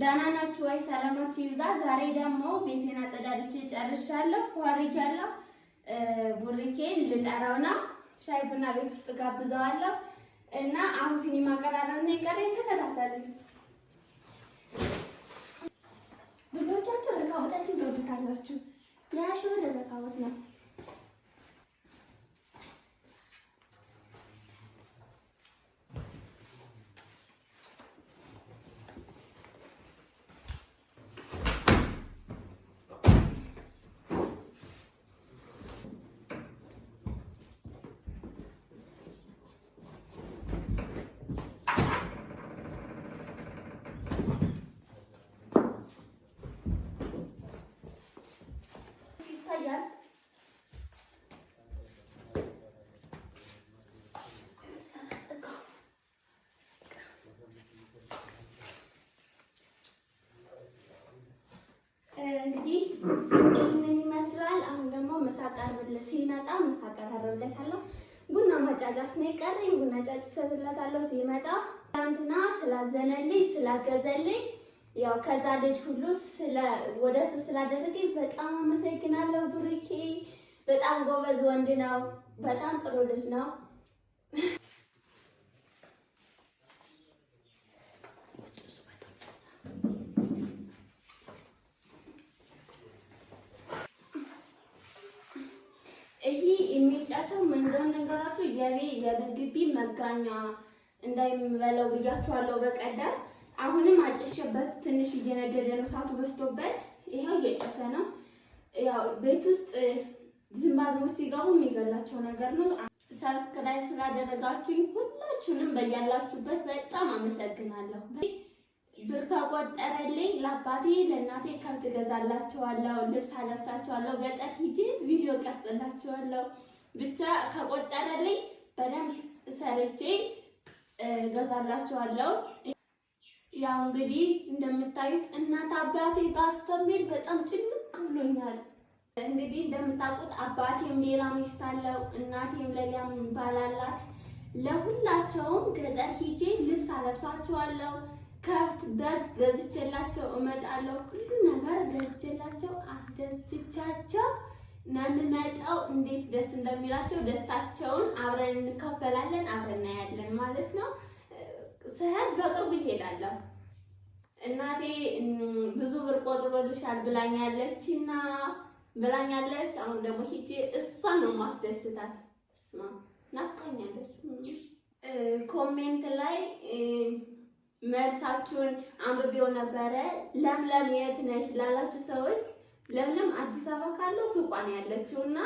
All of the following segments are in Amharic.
ደህና ናችሁ ወይ? ሰላማችሁ ይብዛ። ዛሬ ደግሞ ቤቴን አጸዳድቼ ጨርሻለሁ። ፏሪክ ያለው ቡሪኬን ልጠራው ነው። ሻይ ቡና ቤት ውስጥ ጋብዘዋለሁ እና አሁን ሲኒማ ቀራረብ ነው የቀረ። ተከታተሉኝ። ብዙዎቻችሁ ረካቦታችን ትወዱታላችሁ። የአሸብር ረካቦት ነው። ሲመጣ ምሳ አቀራረብለታለሁ። ቡና ማጫጫ ነው የቀረኝ። ቡና ጫጭሰብለታለሁ ሲመጣ። ትናንትና ስላዘነልኝ ስላገዘልኝ፣ ያው ከዛ ልጅ ሁሉ ወደ እሱ ስላደረገኝ በጣም አመሰግናለሁ። ብሩኬ በጣም ጎበዝ ወንድ ነው። በጣም ጥሩ ልጅ ነው። እንደሆነ ነገራችሁ የኔ የግቢ መጋኛ እንዳይበለው ብያችኋለሁ በቀደም። አሁንም አጭሸበት ትንሽ እየነደደ ነው፣ እሳቱ በዝቶበት ይኸው እየጨሰ ነው። ያው ቤት ውስጥ ዝንባሌዎች ሲገቡ የሚገላቸው ነገር ነው። ሰብስክራይብ ስላደረጋችሁኝ ሁላችሁንም በያላችሁበት በጣም አመሰግናለሁ። ብር ተቆጠረልኝ ለአባቴ ለእናቴ ከብት ገዛላቸዋለሁ፣ ልብስ አለብሳቸዋለሁ፣ ገጠር ሂጄ ቪዲዮ ቀርጽላቸዋለሁ። ብቻ ከቆጠረልኝ በደንብ ሰርቼ እገዛላችኋለሁ። ያው እንግዲህ እንደምታዩት እናት አባቴ ጋር በጣም ጭንቅ ብሎኛል። እንግዲህ እንደምታውቁት አባቴም ሌላ ሚስት አለው፣ እናቴም ለሊያ ባላላት ለሁላቸውም ገጠር ሂጄ ልብስ አለብሳቸዋለሁ። ከብት በግ ገዝቼላቸው እመጣለሁ። ሁሉ ነገር ገዝቼላቸው አስደስቻቸው መምመጣው እንዴት ደስ እንደሚላቸው ደስታቸውን አብረን እንካፈላለን፣ አብረን እናያለን ማለት ነው። ስህል በቅርቡ ይሄዳለሁ። እናቴ ብዙ ብር ቆጥሮልሻል ብላኛለች እና ብላኛለች። አሁን ደግሞ ሂጄ እሷን ነው ማስደስታት። ስማ ናፍቃኛለች። ኮሜንት ላይ መልሳችሁን አንብቤው ነበረ። ለምለም የት ነሽ ላላችሁ ሰዎች ለምለም አዲስ አበባ ካለው ሱቋን ያለችውና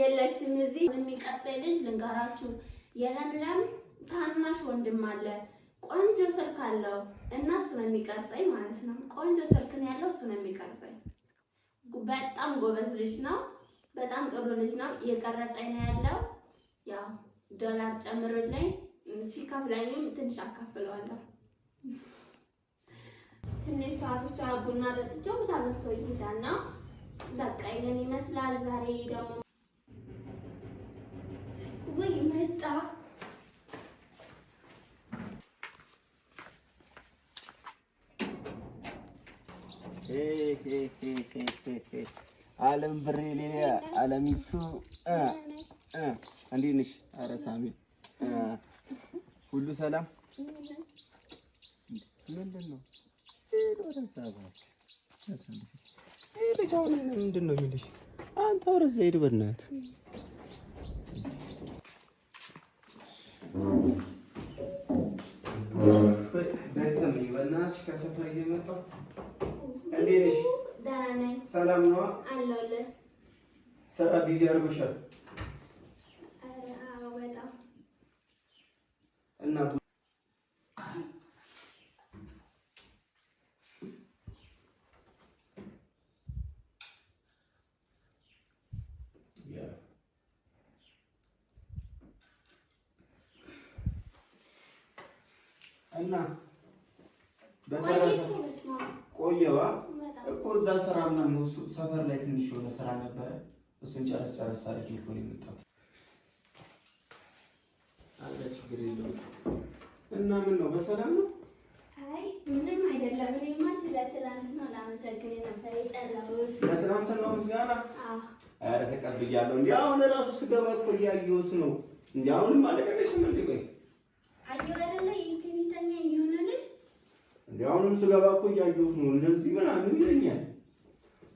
የለችም። እዚህ የሚቀርጸኝ ልጅ ልንገራችሁ፣ የለምለም ታናሽ ወንድም አለ። ቆንጆ ስልክ አለው እና እሱ ነው የሚቀርጸኝ ማለት ነው። ቆንጆ ስልክ ያለው፣ እሱ ነው የሚቀርጸኝ። በጣም ጎበዝ ልጅ ነው። በጣም ጥሩ ልጅ ነው። እየቀረጸኝ ነው ያለው። ያው ዶላር ጨምርልኝ፣ ሲከፍለኝም ትንሽ አካፍለዋለሁ። ትንሽ ሰዓት ብቻ ቡና ጠጥቼው ምሳ በልቶ ይሄዳል እና በቃ ይሄንን ይመስላል። ዛሬ ደግሞ ወይ መጣ አለም ብሬ ሌላ አለሚቱ እንዴት ነሽ? ኧረ ሳሚ ሁሉ ሰላም ምንድን ነው? ልጅ አሁን ምንድን ነው የሚልሽ? አንተ ወደዛ ሂድ በእናትህ። በእናትሽ ከሰፈር እየመጣሁ እንዴት ነሽ? ሰላም ነዋ። ቢዚ አድርጎሻል። እና በተረፈ ቆየዋ እኮ እዛ ስራ ምናምን እሱ ሰፈር ላይ ትንሽ የሆነ ስራ ነበረ። እሱን ጨረስ ጨረስ አድርጌ እኮ ነው የመጣሁት። አለ ችግር የለውም። እና ምን ነው በሰላም ነው? አይ ምንም አይደለም። እኔማ ስለ ትናንትናው ላመሰግን ነበር የጠራሁት። ለትናንትናው ምስጋና? አዎ። ኧረ ተቀብያለሁ። እንዲህ አሁን እራሱ ስገባ እኮ እያየሁት ነው። እንዲህ አሁንም አለቀቀሽም እንዴ? ቆይ አየሁ አይደለ የትንተኛ አሁንም ስገባ እኮ እያየሁት ነው። እንደዚህ ምናምን ይለኛል።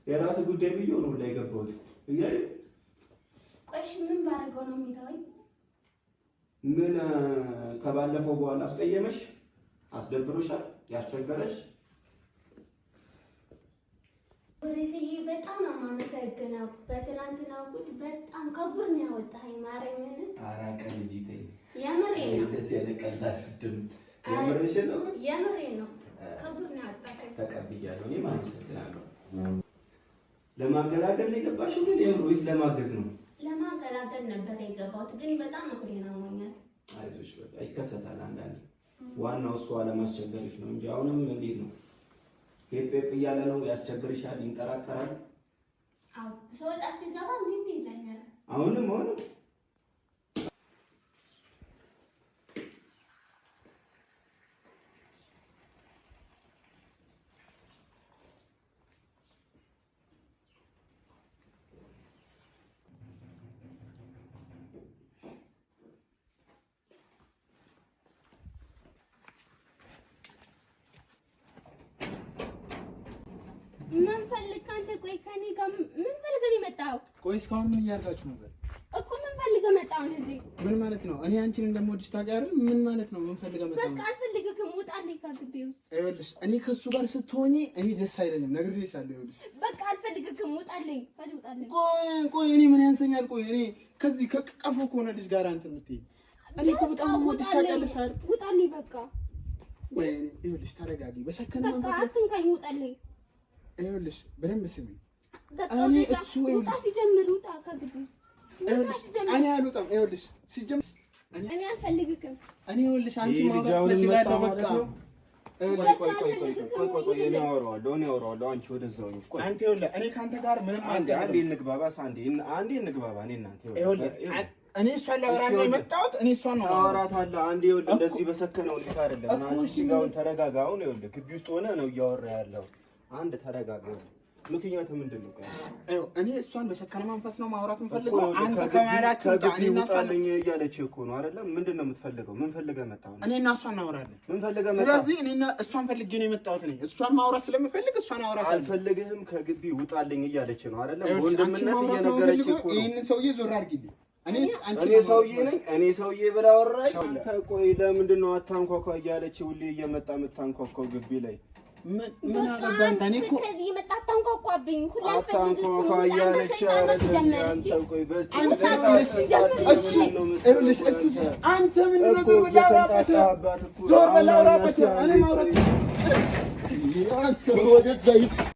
የራስ ጉዳይ ብዬ ነው ላይ ገባሁት እያለ ቆሽ ምን ባደርገው ነው የሚተወኝ? ምን ከባለፈው በኋላ አስቀየመሽ? አስደብሮሻል? ያስቸገረሽ? ወሬትዬ በጣም አመሰግናለሁ። በትናንትናው ጉድ በጣም ከጉድ ነው ያወጣኸኝ። ማረኝ አራቀ ልጅ የምሬን ነው። ተቀብያለሁ። እኔ አመሰግናለሁ። ለማገላገል ነው የገባሽው ግን ወይስ ለማገዝ ነው? ለማገላገል ነበር የገባሁት ግን በጣም እግሬን አሞኛል። አይዞሽ፣ በቃ ይከሰታል አንዳንዴ። ዋናው እሱ አለማስቸገርሽ ነው እንጂ አሁንም እንዴት ነው ሄጥ ሄጥ እያለ ነው ያስቸግርሻል፣ ይንጠራጠራል። አዎ ሰው ወጣ ሲገባ እንዴት ይላኛል። አሁንም አሁንም ፈልግ አንተ? ቆይ ከኔ ጋር ምን ፈልገህ ነው የመጣኸው? ቆይ እስካሁን ምን እያደረጋችሁ ነበር እኮ? ምን ፈልገህ መጣህ አሁን እዚህ? ምን ማለት ነው? እኔ አንቺን እንደምወድሽ ታውቂያለሽ። ምን ማለት ነው? ምን ፈልገህ መጣህ? በቃ አልፈልግህም፣ ውጣልኝ ከግቢ ውስጥ። ይኸውልሽ እኔ ከእሱ ጋር ስትሆኚ እኔ ደስ አይለኝም፣ ነግሬሻለሁ። ይኸውልሽ በቃ አልፈልግህም፣ ውጣልኝ። ቆይ ቆይ እኔ ምን ያንሰኛል? ቆይ እኔ ከዚህ ከቀፎ ከሆነ ልጅ ጋር አንተ የምትይኝ እኔ እኮ በጣም የምወድሽ ታውቂያለሽ አይደል? ውጣልኝ በቃ። ወይ ይኸውልሽ ተረጋጊ፣ በሰከነ መንፈስ አትንካኝ፣ ውጣልኝ ይኸውልሽ በደንብ ስሚ። እኔ እሱ ይኸውልሽ እኔ አልወጣም። ይኸውልሽ ሲጀምር እኔ አልፈልግም። እኔ ይኸውልሽ አንቺ ማውራት ፈልጋለሁ። በቃ እኔ እሷን ላወራት ነው የመጣሁት። እኔ እሷን ነው አወራታለሁ። አንዴ ይኸውልህ እንደዚህ በሰከነ ሁኔታ አይደለም። ግቢ ውስጥ ሆነ ነው እያወራ ያለው አንድ ተረጋጋ። ምክንያቱ ምንድን ነው? እኔ እሷን በሸከነ መንፈስ ነው ማውራት የምፈልገው። አንተ ከማላችሁ ጣልኝ እያለች እኮ ነው አይደለም። ምንድን ነው የምትፈልገው? ምን ፈልገህ መጣሁ? እኔ እና እሷን እናወራለን። ምን ፈልገህ መጣሁ? ስለዚህ እኔ እና እሷን ፈልጌ ነው የመጣሁት። እኔ እሷን ማውራት ስለምፈልግ እሷን አውራት። አልፈልግህም፣ ከግቢ ውጣልኝ እያለች ነው አይደለም። ወንድምነት እየነገረች እኮ ነው። ይህንን ሰውዬ ዞር አድርጊልኝ እኔ ሰውዬ ነኝ እኔ ሰውዬ ብላ አወራች። አንተ ቆይ፣ ለምንድን ነው አታንኳኳ እያለች ሁሌ እየመጣ የምታንኳኳው ግቢ ላይ ምን አገባን? እኔ